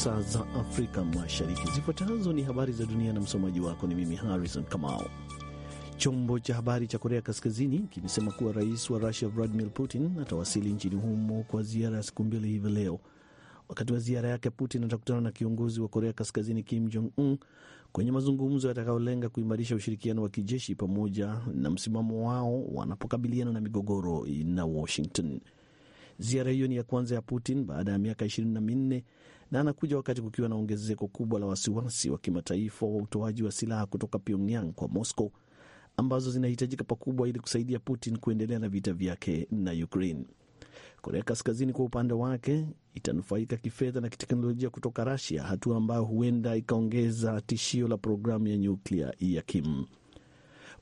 saa za Afrika Mashariki. Zifuatazo ni habari za dunia na msomaji wako ni mimi Harrison Kamau. Chombo cha habari cha Korea Kaskazini kimesema kuwa rais wa Rusia Vladimir Putin atawasili nchini humo kwa ziara ya siku mbili hivi leo. Wakati wa ziara yake, Putin atakutana na kiongozi wa Korea Kaskazini Kim Jong Un kwenye mazungumzo yatakayolenga kuimarisha ushirikiano wa kijeshi pamoja na msimamo wao wanapokabiliana na migogoro na Washington. Ziara hiyo ni ya kwanza ya Putin baada ya miaka ishirini na minne na anakuja wakati kukiwa na ongezeko kubwa la wasiwasi wa kimataifa wa utoaji wa silaha kutoka Pyongyang kwa Moscow ambazo zinahitajika pakubwa ili kusaidia Putin kuendelea na vita vyake na Ukraine. Korea Kaskazini kwa upande wake itanufaika kifedha na kiteknolojia kutoka rasia hatua ambayo huenda ikaongeza tishio la programu ya nyuklia ya Kim.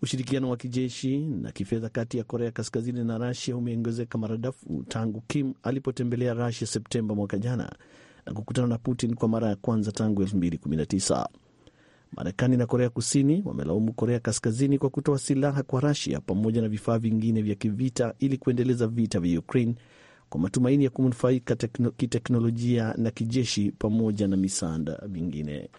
Ushirikiano wa kijeshi na kifedha kati ya Korea Kaskazini na rasia umeongezeka maradufu tangu Kim alipotembelea rasia Septemba mwaka jana na kukutana na Putin kwa mara ya kwanza tangu 2019. Marekani na Korea Kusini wamelaumu Korea Kaskazini kwa kutoa silaha kwa Rusia pamoja na vifaa vingine vya kivita ili kuendeleza vita vya Ukraine kwa matumaini ya kunufaika kiteknolojia na kijeshi pamoja na misaada mingine.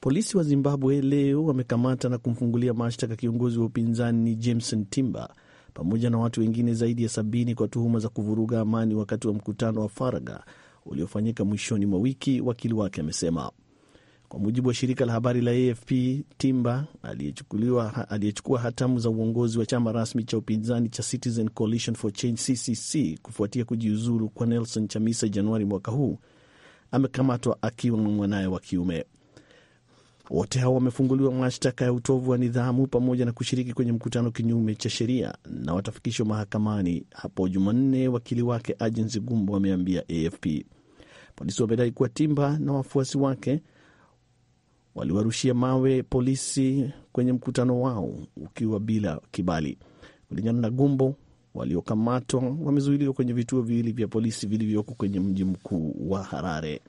Polisi wa Zimbabwe leo wamekamata na kumfungulia mashtaka kiongozi wa upinzani Jameson Timber pamoja na watu wengine zaidi ya sabini kwa tuhuma za kuvuruga amani wakati wa mkutano wa faragha uliofanyika mwishoni mwa wiki, wakili wake amesema. Kwa mujibu wa shirika la habari la AFP, Timba aliyechukua hatamu za uongozi wa chama rasmi cha upinzani cha Citizen Coalition for Change CCC kufuatia kujiuzuru kwa Nelson Chamisa Januari mwaka huu amekamatwa akiwa na mwanaye wa kiume. Wote hao wamefunguliwa mashtaka ya utovu wa nidhamu pamoja na kushiriki kwenye mkutano kinyume cha sheria na watafikishwa mahakamani hapo Jumanne, wakili wake Agency Gumbo ameambia AFP. Polisi wamedai kuwa Timba na wafuasi wake waliwarushia mawe polisi kwenye mkutano wao ukiwa bila kibali. Kulingana na Gumbo, waliokamatwa wamezuiliwa kwenye vituo viwili vya polisi vilivyoko kwenye mji mkuu wa Harare.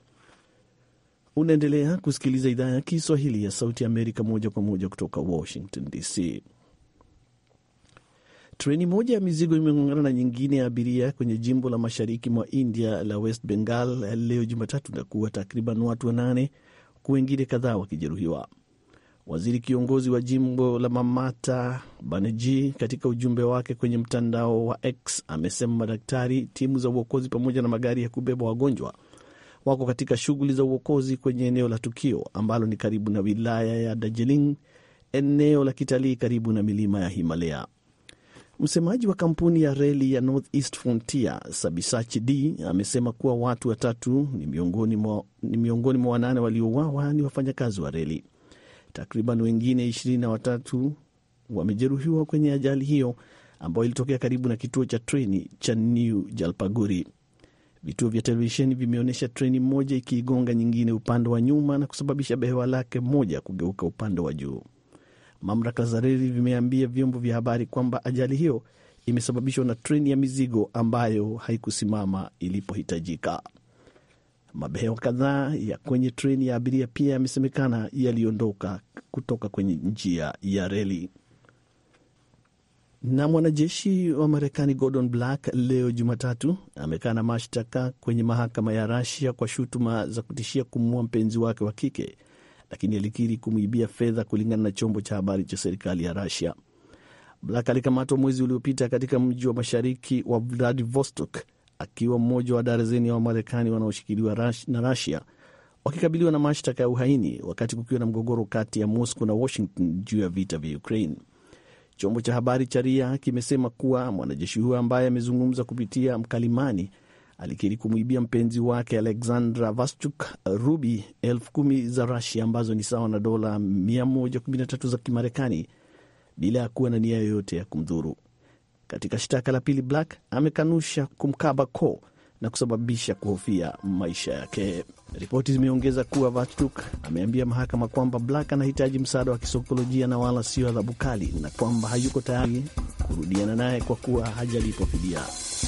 Unaendelea kusikiliza idhaa ya Kiswahili ya Sauti ya Amerika moja kwa moja kutoka Washington DC. Treni moja ya mizigo imegongana na nyingine ya abiria kwenye jimbo la mashariki mwa India la West Bengal leo Jumatatu na kuwa takriban watu wanane huku wengine kadhaa wakijeruhiwa. Waziri kiongozi wa jimbo la Mamata baneg katika ujumbe wake kwenye mtandao wa X amesema madaktari, timu za uokozi pamoja na magari ya kubeba wagonjwa wako katika shughuli za uokozi kwenye eneo la tukio ambalo ni karibu na wilaya ya Darjeeling, eneo la kitalii karibu na milima ya Himalaya. Msemaji wa kampuni ya reli ya Northeast Frontier Sabisachi D amesema kuwa watu watatu ni miongoni mwa, ni miongoni mwa wanane waliouawa ni wafanyakazi wa reli. Takriban wengine ishirini na watatu wamejeruhiwa kwenye ajali hiyo ambayo ilitokea karibu na kituo cha treni cha New Jalpaguri. Vituo vya televisheni vimeonyesha treni moja ikiigonga nyingine upande wa nyuma na kusababisha behewa lake moja kugeuka upande wa juu. Mamlaka za reli vimeambia vyombo vya habari kwamba ajali hiyo imesababishwa na treni ya mizigo ambayo haikusimama ilipohitajika. Mabehewa kadhaa ya kwenye treni ya abiria pia yamesemekana yaliondoka kutoka kwenye njia ya reli. Na mwanajeshi wa Marekani Gordon Black leo Jumatatu amekaa na mashtaka kwenye mahakama ya Rasia kwa shutuma za kutishia kumuua mpenzi wake wa kike lakini alikiri kumwibia fedha, kulingana na chombo cha habari cha serikali ya Rusia. Blak alikamatwa mwezi uliopita katika mji wa mashariki wa Vladivostok akiwa mmoja wa darazeni ya Wamarekani wanaoshikiliwa na Rusia wakikabiliwa na mashtaka ya uhaini wakati kukiwa na mgogoro kati ya Moscow na Washington juu ya vita vya Ukraine. Chombo cha habari cha Ria kimesema kuwa mwanajeshi huyo ambaye amezungumza kupitia mkalimani alikiri kumwibia mpenzi wake Alexandra Vaschuk rubi elfu kumi za Rusia ambazo ni sawa na dola 113 za Kimarekani bila ya kuwa na nia yoyote ya kumdhuru. Katika shtaka la pili, Black amekanusha kumkaba ko na kusababisha kuhofia maisha yake. Ripoti zimeongeza kuwa Vatuk ameambia mahakama kwamba Black anahitaji msaada wa kisaikolojia na wala sio adhabu kali, na kwamba hayuko tayari kurudiana naye kwa kuwa hajalipwa fidia.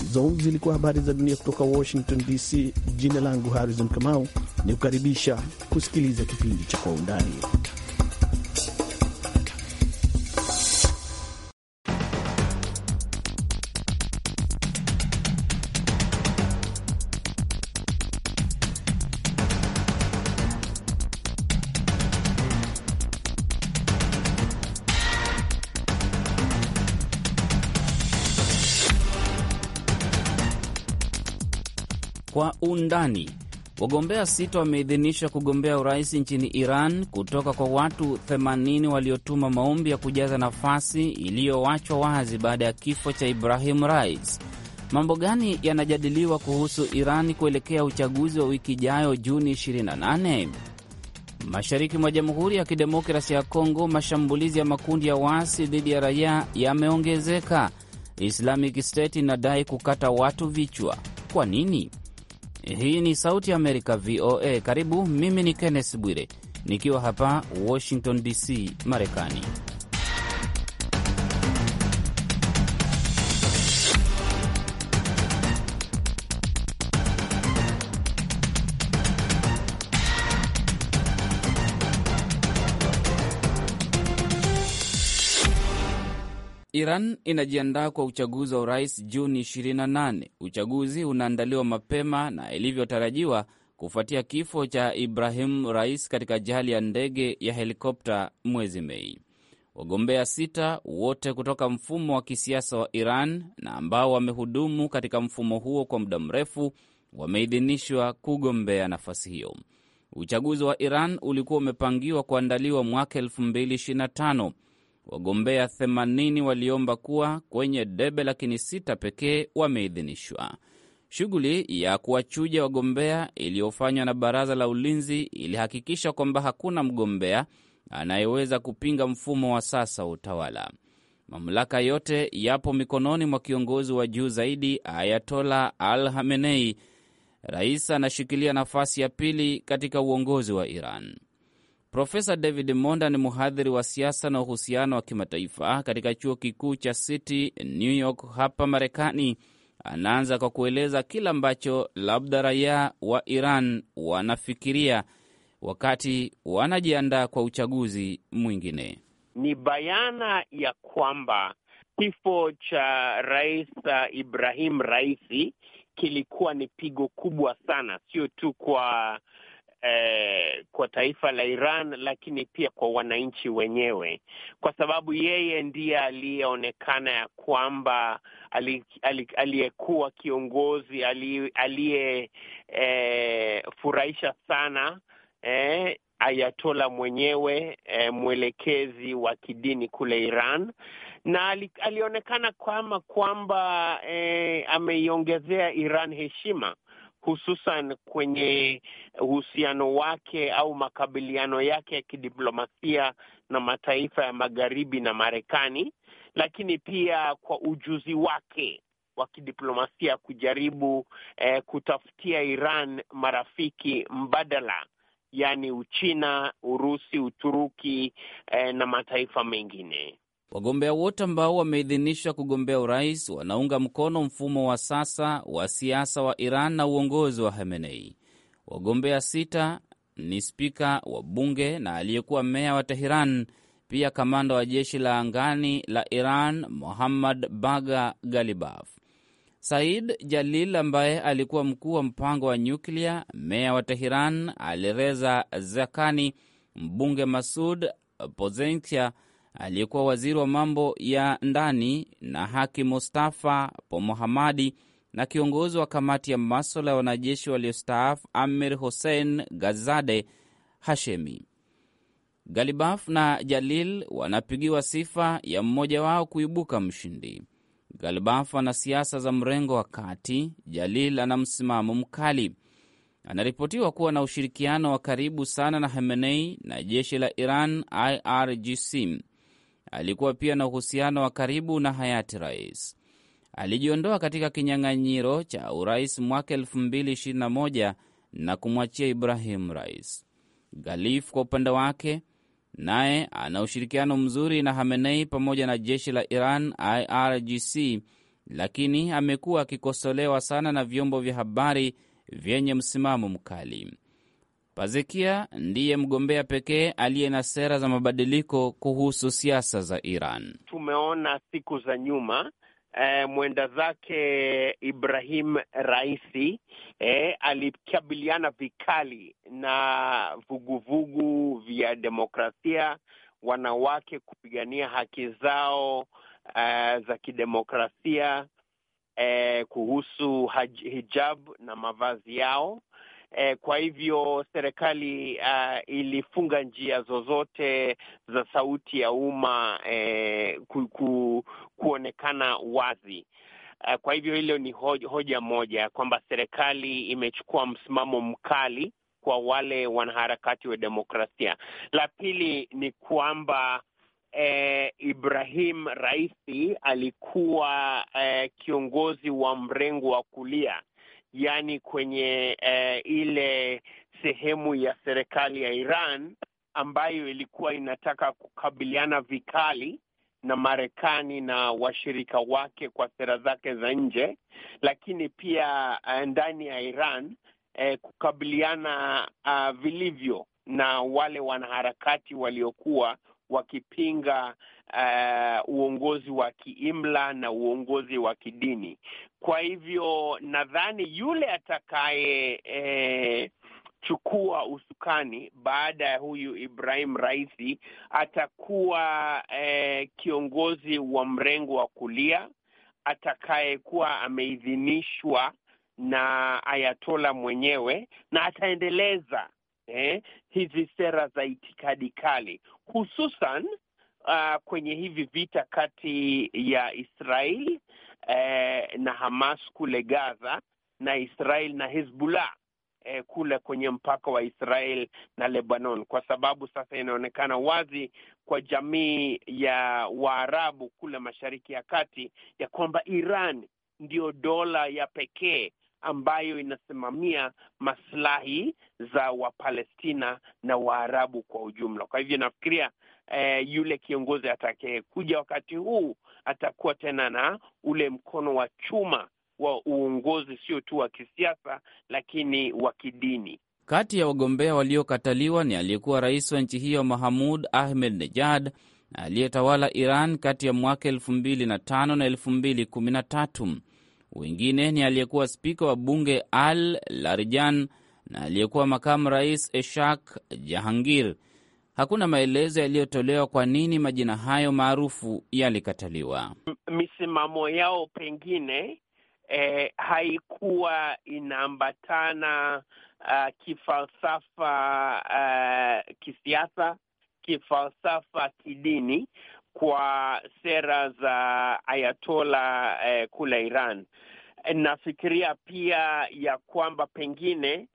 Hizo zilikuwa habari za dunia kutoka Washington DC. Jina langu Harrison Kamau, ni kukaribisha kusikiliza kipindi cha Kwa Undani. Marekani. Wagombea sita wameidhinishwa kugombea urais nchini Iran kutoka kwa watu 80 waliotuma maombi ya kujaza nafasi iliyowachwa wazi baada ya kifo cha Ibrahim Rais. Mambo gani yanajadiliwa kuhusu Iran kuelekea uchaguzi wa wiki ijayo Juni 28? Mashariki mwa Jamhuri ya Kidemokrasi ya Kongo, mashambulizi ya makundi ya waasi dhidi ya raia yameongezeka. Islamic State inadai kukata watu vichwa. Kwa nini? Hii ni Sauti ya Amerika, VOA. Karibu, mimi ni Kenneth Bwire nikiwa hapa Washington DC, Marekani. Iran inajiandaa kwa uchaguzi wa urais Juni 28. Uchaguzi unaandaliwa mapema na ilivyotarajiwa kufuatia kifo cha Ibrahim Rais katika ajali ya ndege ya helikopta mwezi Mei. Wagombea sita wote kutoka mfumo wa kisiasa wa Iran na ambao wamehudumu katika mfumo huo kwa muda mrefu wameidhinishwa kugombea nafasi hiyo. Uchaguzi wa Iran ulikuwa umepangiwa kuandaliwa mwaka 2025 wagombea 80 waliomba kuwa kwenye debe, lakini sita pekee wameidhinishwa. Shughuli ya kuwachuja wagombea iliyofanywa na baraza la ulinzi ilihakikisha kwamba hakuna mgombea anayeweza kupinga mfumo wa sasa wa utawala. Mamlaka yote yapo mikononi mwa kiongozi wa juu zaidi Ayatola Al Hamenei. Rais anashikilia nafasi ya pili katika uongozi wa Iran. Profesa David Monda ni mhadhiri wa siasa na uhusiano wa kimataifa katika chuo kikuu cha City New York hapa Marekani. Anaanza kwa kueleza kila ambacho labda raia wa Iran wanafikiria wakati wanajiandaa kwa uchaguzi mwingine. Ni bayana ya kwamba kifo cha Rais uh, Ibrahim Raisi kilikuwa ni pigo kubwa sana, sio tu kwa eh, kwa taifa la Iran, lakini pia kwa wananchi wenyewe, kwa sababu yeye ndiye aliyeonekana ya kwamba aliyekuwa kiongozi aliyefurahisha eh, sana eh, Ayatola mwenyewe eh, mwelekezi wa kidini kule Iran na alionekana kama kwamba eh, ameiongezea Iran heshima hususan kwenye uhusiano wake au makabiliano yake ya kidiplomasia na mataifa ya magharibi na Marekani, lakini pia kwa ujuzi wake wa kidiplomasia kujaribu eh, kutafutia Iran marafiki mbadala, yaani Uchina, Urusi, Uturuki eh, na mataifa mengine. Wagombea wote ambao wameidhinishwa kugombea urais wanaunga mkono mfumo wa sasa wa siasa wa Iran na uongozi wa hemenei Wagombea sita ni spika wa bunge na aliyekuwa meya wa Teheran, pia kamanda wa jeshi la angani la Iran Mohammad Baga Galibaf, Said Jalil ambaye alikuwa mkuu wa mpango wa nyuklia, meya wa Teheran Alireza Zakani, mbunge Masud Pozentia, aliyekuwa waziri wa mambo ya ndani na haki Mustafa Pomohamadi na kiongozi wa kamati ya maswala ya wanajeshi waliostaafu Amir Hussein Gazade Hashemi. Galibaf na Jalil wanapigiwa sifa ya mmoja wao kuibuka mshindi. Galibaf ana siasa za mrengo wa kati, Jalil ana msimamo mkali. Anaripotiwa kuwa na ushirikiano wa karibu sana na hemenei na jeshi la Iran, IRGC alikuwa pia na uhusiano wa karibu na hayati rais. Alijiondoa katika kinyang'anyiro cha urais mwaka 2021 na kumwachia Ibrahim Rais. Galif kwa upande wake naye ana ushirikiano mzuri na Hamenei pamoja na jeshi la Iran, IRGC, lakini amekuwa akikosolewa sana na vyombo vya habari vyenye msimamo mkali. Pazekia ndiye mgombea pekee aliye na sera za mabadiliko kuhusu siasa za Iran. Tumeona siku za nyuma eh, mwenda zake Ibrahim Raisi eh, alikabiliana vikali na vuguvugu vya demokrasia, wanawake kupigania haki zao eh, za kidemokrasia eh, kuhusu hijab na mavazi yao eh, kwa hivyo serikali uh, ilifunga njia zozote za sauti ya umma eh, ku, ku, kuonekana wazi. Uh, kwa hivyo hilo ni hoja, hoja moja kwamba serikali imechukua msimamo mkali kwa wale wanaharakati wa demokrasia. La pili ni kwamba eh, Ibrahim Raisi alikuwa eh, kiongozi wa mrengo wa kulia yaani kwenye eh, ile sehemu ya serikali ya Iran ambayo ilikuwa inataka kukabiliana vikali na Marekani na washirika wake kwa sera zake za nje, lakini pia eh, ndani ya Iran eh, kukabiliana uh, vilivyo na wale wanaharakati waliokuwa wakipinga uh, uongozi wa kiimla na uongozi wa kidini. Kwa hivyo nadhani yule atakaye eh, chukua usukani baada ya huyu Ibrahim Raisi atakuwa eh, kiongozi wa mrengo wa kulia atakayekuwa ameidhinishwa na Ayatola mwenyewe na ataendeleza eh, hizi sera za itikadi kali hususan uh, kwenye hivi vita kati ya Israel eh, na Hamas kule Gaza na Israel na Hezbollah eh, kule kwenye mpaka wa Israel na Lebanon, kwa sababu sasa inaonekana wazi kwa jamii ya Waarabu kule Mashariki ya Kati ya kwamba Iran ndiyo dola ya pekee ambayo inasimamia maslahi za Wapalestina na Waarabu kwa ujumla. Kwa hivyo nafikiria eh, yule kiongozi atakayekuja wakati huu atakuwa tena na ule mkono wa chuma wa uongozi, sio tu wa kisiasa, lakini wa kidini. Kati ya wagombea waliokataliwa ni aliyekuwa rais wa nchi hiyo Mahamud Ahmed Nejad aliyetawala Iran kati ya mwaka elfu mbili na tano na elfu mbili kumi na tatu. Wengine ni aliyekuwa spika wa bunge Al larijan na aliyekuwa makamu rais Eshak Jahangir. Hakuna maelezo yaliyotolewa kwa nini majina hayo maarufu yalikataliwa. Misimamo yao pengine eh, haikuwa inaambatana uh, kifalsafa uh, kisiasa, kifalsafa kidini, kwa sera za Ayatola eh, kule Iran. Nafikiria pia ya kwamba pengine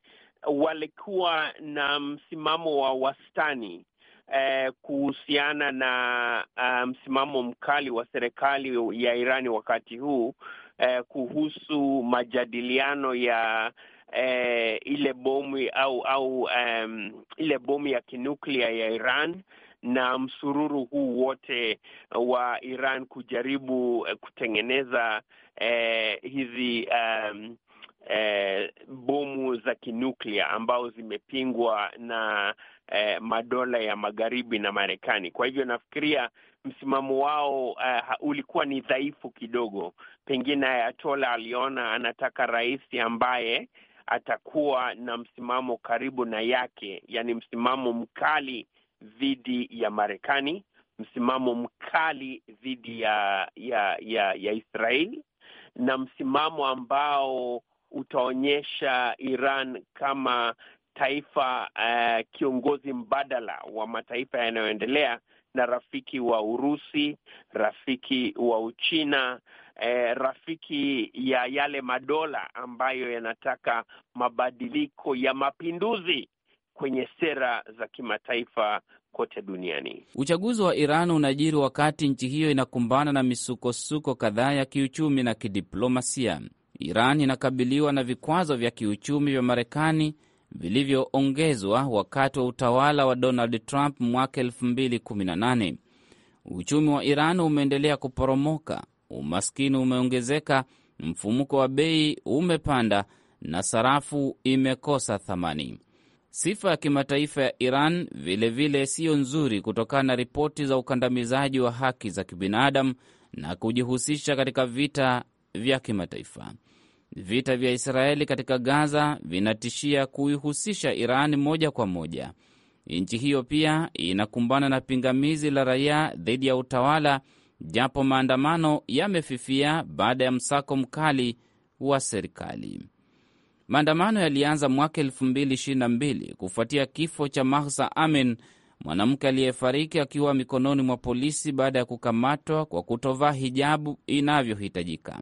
walikuwa na msimamo wa wastani eh, kuhusiana na uh, msimamo mkali wa serikali ya Irani wakati huu eh, kuhusu majadiliano ya eh, ile bomu au au um, ile bomu ya kinuklia ya Iran na msururu huu wote uh, wa Iran kujaribu uh, kutengeneza eh, hizi um, eh, bomu za kinuklia ambao zimepingwa na eh, madola ya magharibi na Marekani. Kwa hivyo nafikiria msimamo wao uh, ulikuwa ni dhaifu kidogo. Pengine Ayatola aliona anataka rais ambaye atakuwa na msimamo karibu na yake, yani msimamo mkali dhidi ya Marekani, msimamo mkali dhidi ya ya ya, ya Israeli na msimamo ambao utaonyesha Iran kama taifa uh, kiongozi mbadala wa mataifa yanayoendelea na rafiki wa Urusi, rafiki wa Uchina, eh, rafiki ya yale madola ambayo yanataka mabadiliko ya mapinduzi kwenye sera za kimataifa kote duniani. Uchaguzi wa Iran unajiri wakati nchi hiyo inakumbana na misukosuko kadhaa ya kiuchumi na kidiplomasia. Iran inakabiliwa na vikwazo vya kiuchumi vya Marekani vilivyoongezwa wakati wa utawala wa Donald Trump mwaka 2018. Uchumi wa Iran umeendelea kuporomoka, umaskini umeongezeka, mfumuko wa bei umepanda na sarafu imekosa thamani. Sifa ya kimataifa ya Iran vilevile siyo nzuri kutokana na ripoti za ukandamizaji wa haki za kibinadamu na kujihusisha katika vita vya kimataifa. Vita vya Israeli katika Gaza vinatishia kuihusisha Iran moja kwa moja. Nchi hiyo pia inakumbana na pingamizi la raia dhidi ya utawala, japo maandamano yamefifia baada ya msako mkali wa serikali. Maandamano yalianza mwaka 2022 kufuatia kifo cha Mahsa Amin, mwanamke aliyefariki akiwa mikononi mwa polisi baada ya kukamatwa kwa kutovaa hijabu inavyohitajika.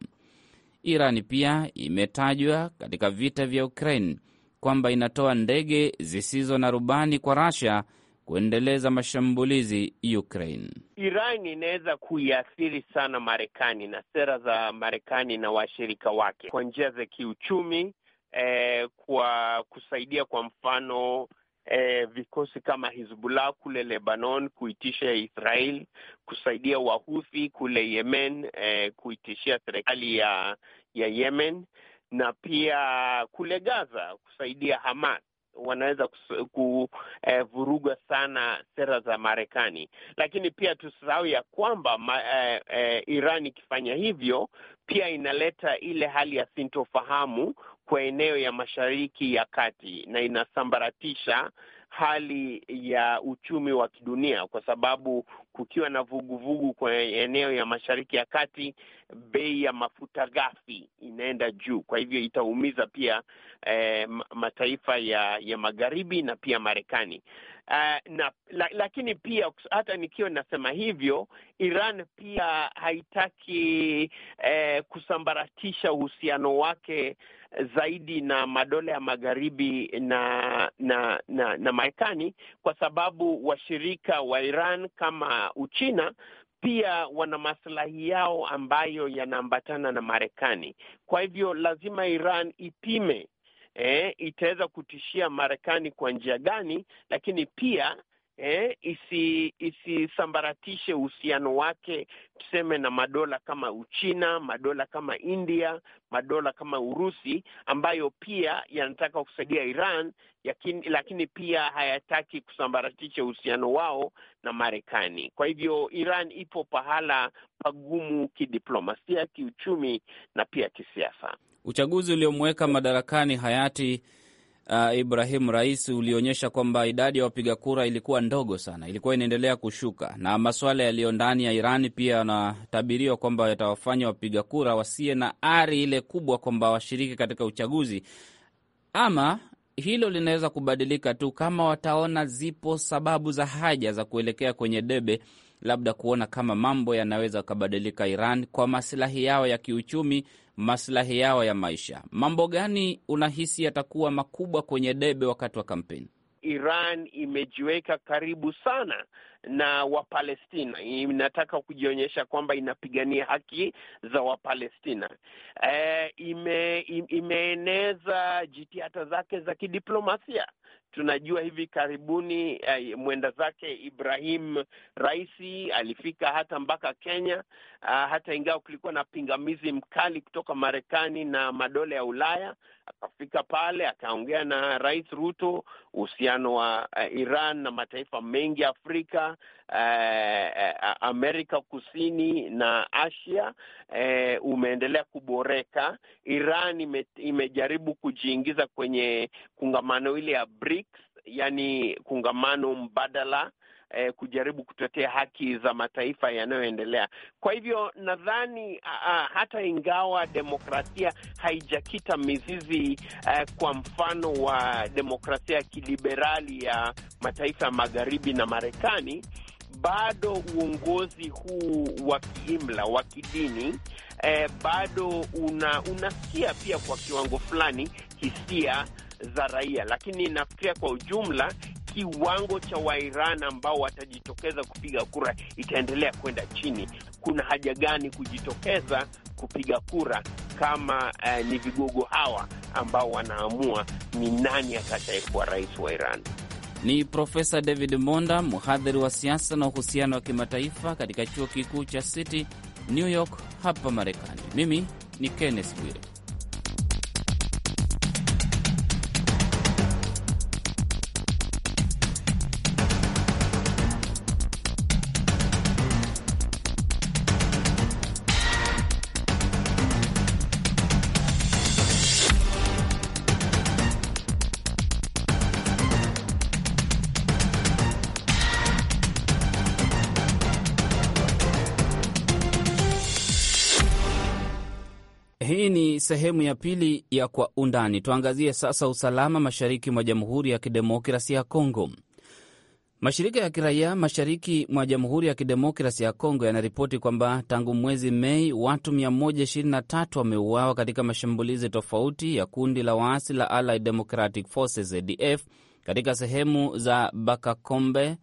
Irani pia imetajwa katika vita vya Ukraine kwamba inatoa ndege zisizo na rubani kwa Russia kuendeleza mashambulizi Ukraine. Iran inaweza kuiathiri sana Marekani na sera za Marekani na washirika wake kwa njia za kiuchumi, eh, kwa kusaidia kwa mfano eh, vikosi kama Hizbullah kule Lebanon kuitishia Israel, kusaidia Wahuthi kule Yemen eh, kuitishia serikali ya, ya Yemen na pia kule Gaza kusaidia Hamas wanaweza kuvuruga eh, sana sera za Marekani, lakini pia tusahau ya kwamba ma, eh, eh, Iran ikifanya hivyo pia inaleta ile hali ya sintofahamu kwa eneo ya Mashariki ya Kati na inasambaratisha hali ya uchumi wa kidunia, kwa sababu kukiwa na vuguvugu kwa eneo ya Mashariki ya Kati, bei ya mafuta ghafi inaenda juu. Kwa hivyo itaumiza pia eh, mataifa ya, ya magharibi na pia Marekani. Uh, na la, lakini pia hata nikiwa nasema hivyo, Iran pia haitaki eh, kusambaratisha uhusiano wake zaidi na madola ya magharibi na na na, na Marekani kwa sababu washirika wa Iran kama Uchina pia wana maslahi yao ambayo yanaambatana na Marekani. Kwa hivyo lazima Iran ipime eh, itaweza kutishia Marekani kwa njia gani, lakini pia eh, isi, isisambaratishe uhusiano wake tuseme na madola kama Uchina, madola kama India, madola kama Urusi ambayo pia yanataka kusaidia Iran yakin, lakini pia hayataki kusambaratisha uhusiano wao na Marekani. Kwa hivyo Iran ipo pahala pagumu kidiplomasia, kiuchumi na pia kisiasa. Uchaguzi uliomweka madarakani hayati uh, Ibrahim Rais ulionyesha kwamba idadi ya wapiga kura ilikuwa ndogo sana, ilikuwa inaendelea kushuka, na maswala yaliyo ndani ya Irani pia yanatabiriwa kwamba yatawafanya wapiga kura wasiye na ari ile kubwa kwamba washiriki katika uchaguzi, ama hilo linaweza kubadilika tu kama wataona zipo sababu za haja za kuelekea kwenye debe, labda kuona kama mambo yanaweza kabadilika Iran kwa masilahi yao ya kiuchumi maslahi yao ya maisha. Mambo gani unahisi yatakuwa makubwa kwenye debe wakati wa kampeni? Iran imejiweka karibu sana na Wapalestina, inataka kujionyesha kwamba inapigania haki za Wapalestina. E, ime, imeeneza jitihada zake za kidiplomasia. Tunajua hivi karibuni eh, mwenda zake Ibrahim Raisi alifika hata mpaka Kenya, ah, hata ingawa kulikuwa na pingamizi mkali kutoka Marekani na madola ya Ulaya, akafika pale akaongea na Rais Ruto. Uhusiano wa eh, Iran na mataifa mengi ya Afrika Eh, eh, Amerika Kusini na Asia eh, umeendelea kuboreka. Iran ime, imejaribu kujiingiza kwenye kungamano ile ya BRICS, yani kungamano mbadala eh, kujaribu kutetea haki za mataifa yanayoendelea. Kwa hivyo nadhani uh, hata ingawa demokrasia haijakita mizizi uh, kwa mfano wa demokrasia ya kiliberali ya mataifa ya magharibi na Marekani, bado uongozi huu wa kiimla wa kidini eh, bado una, unasikia pia kwa kiwango fulani hisia za raia, lakini nafikiria kwa ujumla kiwango cha Wairan ambao watajitokeza kupiga kura itaendelea kwenda chini. Kuna haja gani kujitokeza kupiga kura kama eh, ni vigogo hawa ambao wanaamua ni nani atakayekuwa rais wa Iran? Ni Profesa David Monda, mhadhiri wa siasa na uhusiano wa kimataifa katika chuo kikuu cha City New York hapa Marekani. Mimi ni Kenneth Bwire. sehemu ya pili ya Kwa Undani. Tuangazie sasa usalama mashariki mwa Jamhuri ya Kidemokrasia ya Kongo. Mashirika ya kiraia mashariki mwa Jamhuri ya Kidemokrasia ya Kongo yanaripoti kwamba tangu mwezi Mei watu 123 wameuawa katika mashambulizi tofauti ya kundi la waasi la Allied Democratic Forces ADF katika sehemu za Bakakombe,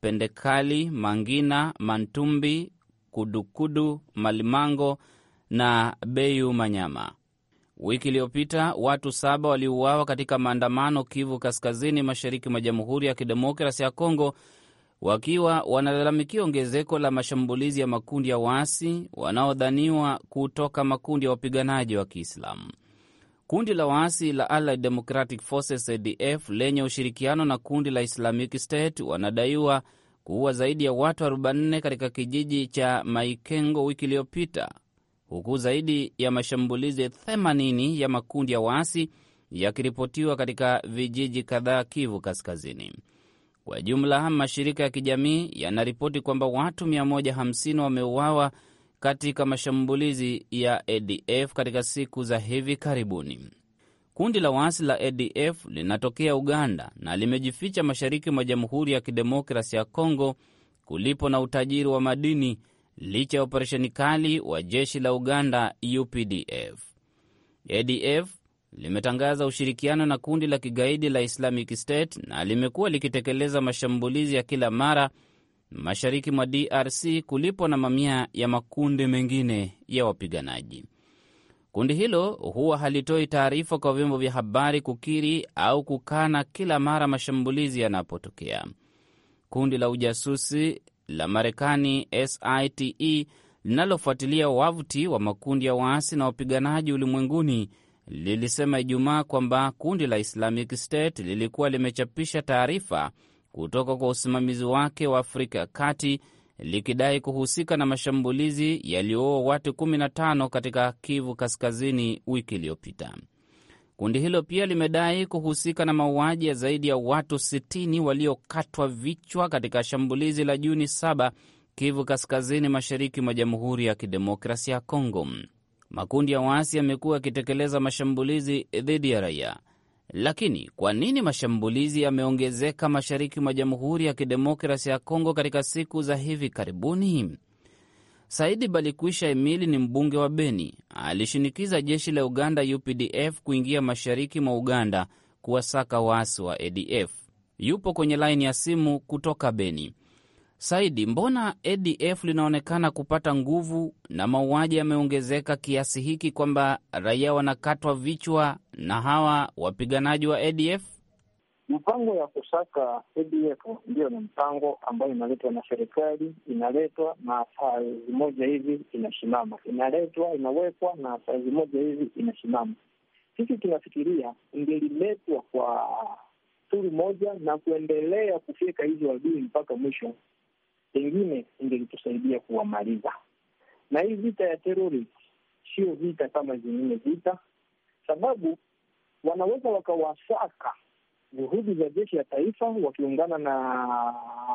Pendekali, Mangina, Mantumbi, Kudukudu, Malimango na Beyu Manyama. Wiki iliyopita watu saba waliuawa katika maandamano Kivu Kaskazini, mashariki mwa Jamhuri ya Kidemokrasi ya Kongo, wakiwa wanalalamikia ongezeko la mashambulizi ya makundi ya waasi wanaodhaniwa kutoka makundi ya wapiganaji wa Kiislamu. Kundi la waasi la Allied Democratic Forces ADF lenye ushirikiano na kundi la Islamic State wanadaiwa kuua zaidi ya watu 44 katika kijiji cha Maikengo wiki iliyopita, huku zaidi ya mashambulizi 80 ya makundi ya waasi yakiripotiwa katika vijiji kadhaa Kivu Kaskazini. Kwa jumla, mashirika ya kijamii yanaripoti kwamba watu 150 wameuawa katika mashambulizi ya ADF katika siku za hivi karibuni. Kundi la waasi la ADF linatokea Uganda na limejificha mashariki mwa Jamhuri ya Kidemokrasi ya Kongo kulipo na utajiri wa madini licha ya operesheni kali wa jeshi la Uganda UPDF. ADF limetangaza ushirikiano na kundi la kigaidi la Islamic State na limekuwa likitekeleza mashambulizi ya kila mara mashariki mwa DRC kulipo na mamia ya makundi mengine ya wapiganaji. Kundi hilo huwa halitoi taarifa kwa vyombo vya habari kukiri au kukana kila mara mashambulizi yanapotokea. Kundi la ujasusi la Marekani SITE linalofuatilia wavuti wa makundi ya waasi na wapiganaji ulimwenguni lilisema Ijumaa kwamba kundi la Islamic State lilikuwa limechapisha taarifa kutoka kwa usimamizi wake wa Afrika ya Kati likidai kuhusika na mashambulizi yaliyoua watu 15 katika Kivu Kaskazini wiki iliyopita. Kundi hilo pia limedai kuhusika na mauaji ya zaidi ya watu 60 waliokatwa vichwa katika shambulizi la Juni 7 Kivu Kaskazini, mashariki mwa Jamhuri ya Kidemokrasia ya Kongo. Makundi ya waasi yamekuwa yakitekeleza mashambulizi dhidi ya raia. Lakini kwa nini mashambulizi yameongezeka mashariki mwa Jamhuri ya Kidemokrasia ya Kongo katika siku za hivi karibuni? Saidi balikwisha Emili ni mbunge wa Beni. Alishinikiza jeshi la Uganda UPDF kuingia mashariki mwa Uganda kuwasaka waasi wa ADF. Yupo kwenye laini ya simu kutoka Beni. Saidi, mbona ADF linaonekana kupata nguvu na mauaji yameongezeka kiasi hiki kwamba raia wanakatwa vichwa na hawa wapiganaji wa ADF? Mpango ya kusaka ADF ndio ni mpango ambayo inaletwa na serikali, inaletwa na saa moja hivi inasimama, inaletwa inawekwa na saa moja hivi inasimama. Sisi tunafikiria ingeliletwa kwa turi moja na kuendelea kufika hizo adui mpaka mwisho, pengine ingelitusaidia kuwamaliza. Na hii vita ya terrorist sio vita kama zingine vita, sababu wanaweza wakawasaka Juhudi za jeshi ya taifa wakiungana na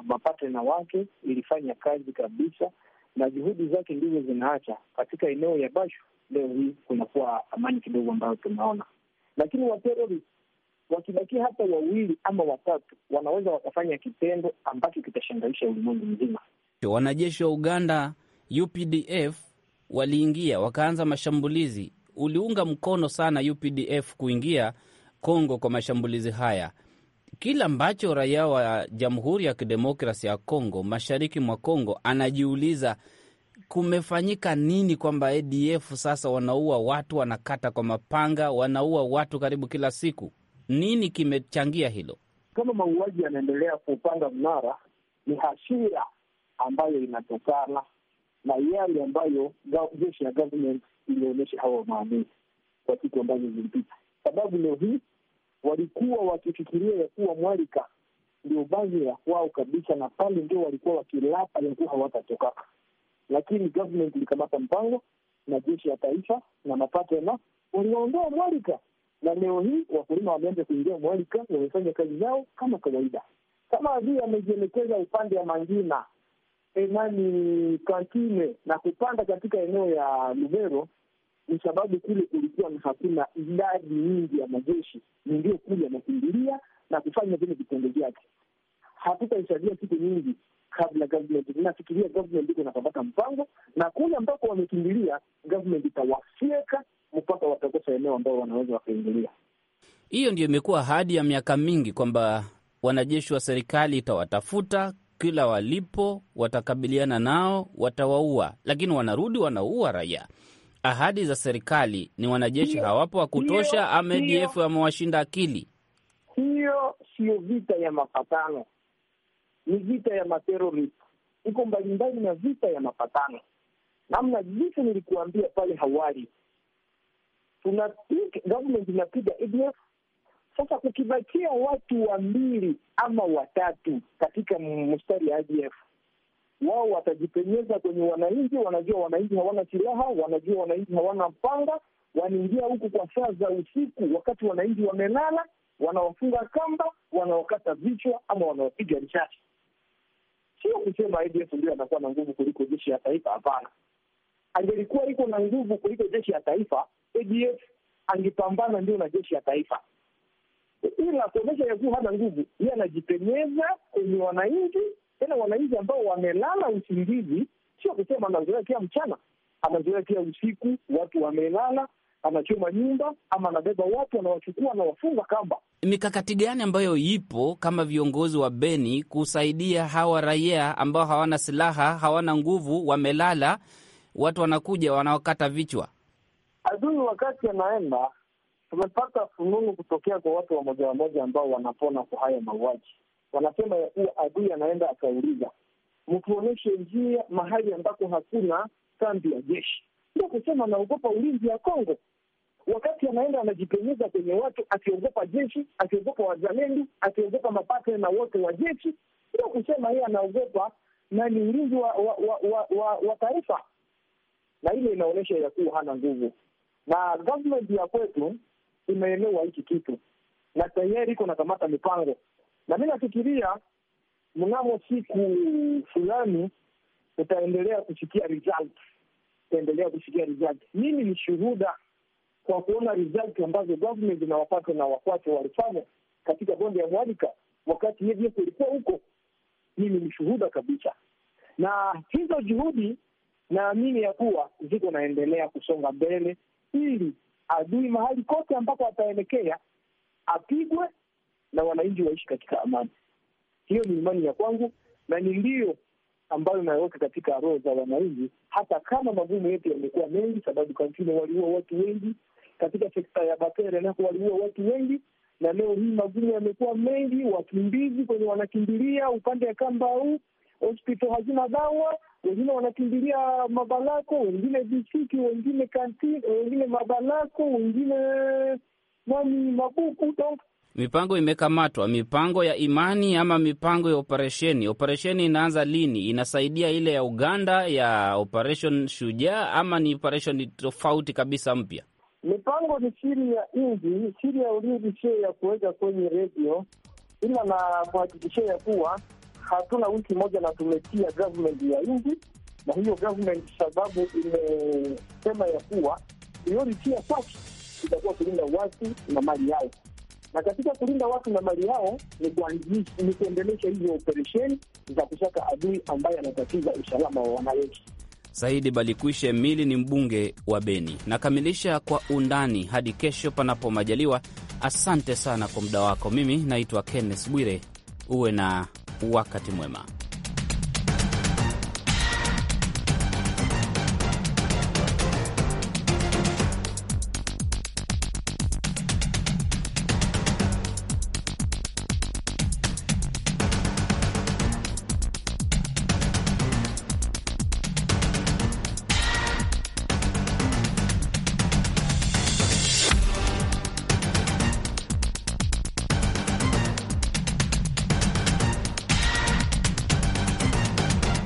mapatena wake ilifanya kazi kabisa, na juhudi zake ndizo zinaacha katika eneo ya Bashu. Leo hii kunakuwa amani kidogo ambayo tunaona, lakini waterori wakibakia hata wawili ama watatu, wanaweza wakafanya kitendo ambacho kitashangaisha ulimwengu mzima. Wanajeshi wa Uganda UPDF waliingia wakaanza mashambulizi. Uliunga mkono sana UPDF kuingia Kongo kwa mashambulizi haya. Kile ambacho raia wa Jamhuri ya Kidemokrasi ya Kongo, mashariki mwa Kongo, anajiuliza kumefanyika nini, kwamba ADF sasa wanaua watu, wanakata kwa mapanga, wanaua watu karibu kila siku. Nini kimechangia hilo? Kama mauaji yanaendelea kupanga mnara, ni hasira ambayo inatokana na yale ambayo jeshi ya government ilionyesha hawa maamisi kwa siku ambazo zilipita, sababu leo hii walikuwa wakifikiria ya kuwa Mwalika ndio bazi ya kwao kabisa, na pale ndio walikuwa wakilapa ya kuwa hawatatokaka, lakini government ilikamata mpango na jeshi ya taifa na mapato na waliwaondoa Mwalika, na leo hii wakulima wameanza kuingia Mwalika, wamefanya kazi zao kama kawaida. Kama vile amejielekeza upande wa Mangina, enani Kantine na kupanda katika eneo ya Lubero ni sababu kule kulikuwa na hakuna idadi nyingi ya majeshi, ni ndio kule yanakimbilia na kufanya vile vitendo vyake. Hatutahisadia siku nyingi kabla government, nafikiria government iko napapata mpango, na kule ambako wamekimbilia government itawafyeka mpaka watakosa eneo ambao wanaweza wakaingilia. Hiyo ndio imekuwa ahadi ya miaka mingi kwamba wanajeshi wa serikali itawatafuta kila walipo, watakabiliana nao, watawaua, lakini wanarudi wanaua raia ahadi za serikali ni wanajeshi hawapo wa kutosha, ama ADF wamewashinda akili? Hiyo siyo vita ya mapatano, ni vita ya materorist. Iko mbalimbali na vita ya mapatano, namna jinsi nilikuambia pale hawali, tunapiga government inapiga ADF. Sasa kukibakia watu wa mbili ama watatu katika mstari ya ADF wao watajipenyeza kwenye wananchi. Wanajua wananchi hawana silaha, wanajua wananchi hawana mpanga. Wanaingia huku kwa saa za usiku, wakati wananchi wamelala, wanawafunga kamba, wanawakata vichwa ama wanawapiga risasi. Sio kusema ADF ndio anakuwa na nguvu kuliko jeshi ya taifa, hapana. Angelikuwa iko na nguvu kuliko jeshi ya taifa, ADF angepambana ndio na jeshi ya taifa ila kuonyesha yakuwa hana nguvu, yeye anajipenyeza kwenye wananchi, tena wananchi ambao wamelala usingizi, sio kusema anazoea kila mchana, anazoea kila usiku, watu wamelala anachoma nyumba ama anabeba watu anawachukua anawafunga kamba. Mikakati gani ambayo ipo kama viongozi wa Beni kusaidia hawa raia ambao hawana silaha, hawana nguvu, wamelala, watu wanakuja wanawakata vichwa? Adui wakati anaenda, tumepata fununu kutokea kwa watu wamoja wamoja ambao wanapona kwa haya mauaji wanasema ya kuwa adui anaenda akauliza, mtuonyeshe njia mahali ambako hakuna kambi ya jeshi. Ndio kusema anaogopa ulinzi ya Kongo, wakati anaenda anajipenyeza kwenye watu, akiogopa jeshi, akiogopa wazalendo, akiogopa mapato na wote wa jeshi. Ndio kusema yeye anaogopa na ni ulinzi wa, wa, wa, wa, wa, wa taifa, na ile inaonyesha ya kuwa hana nguvu, na government ya kwetu imeelewa hiki kitu na tayari iko nakamata mipango na mi nafikiria mnamo siku fulani utaendelea kusikia result, utaendelea kusikia result. Mimi ni shuhuda kwa kuona result ambazo government na na wakwate walifanya katika bonde ya Mwalika wakati yeye ilikuwa huko. Mimi ni shuhuda kabisa, na hizo juhudi naamini ya kuwa ziko naendelea kusonga mbele, ili adui mahali kote ambako ataelekea apigwe na wananchi waishi katika amani. Hiyo ni imani ya kwangu na ni ndio ambayo naweka katika roho za wananchi, hata kama magumu yetu yamekuwa mengi, sababu Kampala waliua watu wengi, katika sekta ya Batere nako waliua watu wengi, na leo hii magumu yamekuwa mengi, wakimbizi kwenye wanakimbilia upande ya Kambau, hospitali hazina dawa, wengine wanakimbilia Mabalako, wengine Bisiki, wengine Kantini, wengine Mabalako, wengine nani Mabuku. Donc mipango imekamatwa, mipango ya imani ama mipango ya operesheni. Operesheni inaanza lini? Inasaidia ile ya Uganda ya operation Shujaa ama ni operesheni tofauti kabisa mpya? Mipango ni siri ya nji, siri ya ulinzi, sio ya kuweka kwenye redio, ila na kuhakikishia ya kuwa hatuna wiki moja na tumetia government ya nji, na hiyo government sababu imesema ya kuwa priority ya kwake itakuwa kulinda watu na mali yao na katika kulinda watu na mali yao ni kuendelesha hizo operesheni za kusaka adui ambaye anatatiza usalama wa wananchi. Saidi Balikwishe Mili ni mbunge wa Beni. Nakamilisha kwa undani hadi kesho, panapo majaliwa. Asante sana kwa muda wako. Mimi naitwa Kenneth Bwire, uwe na wakati mwema.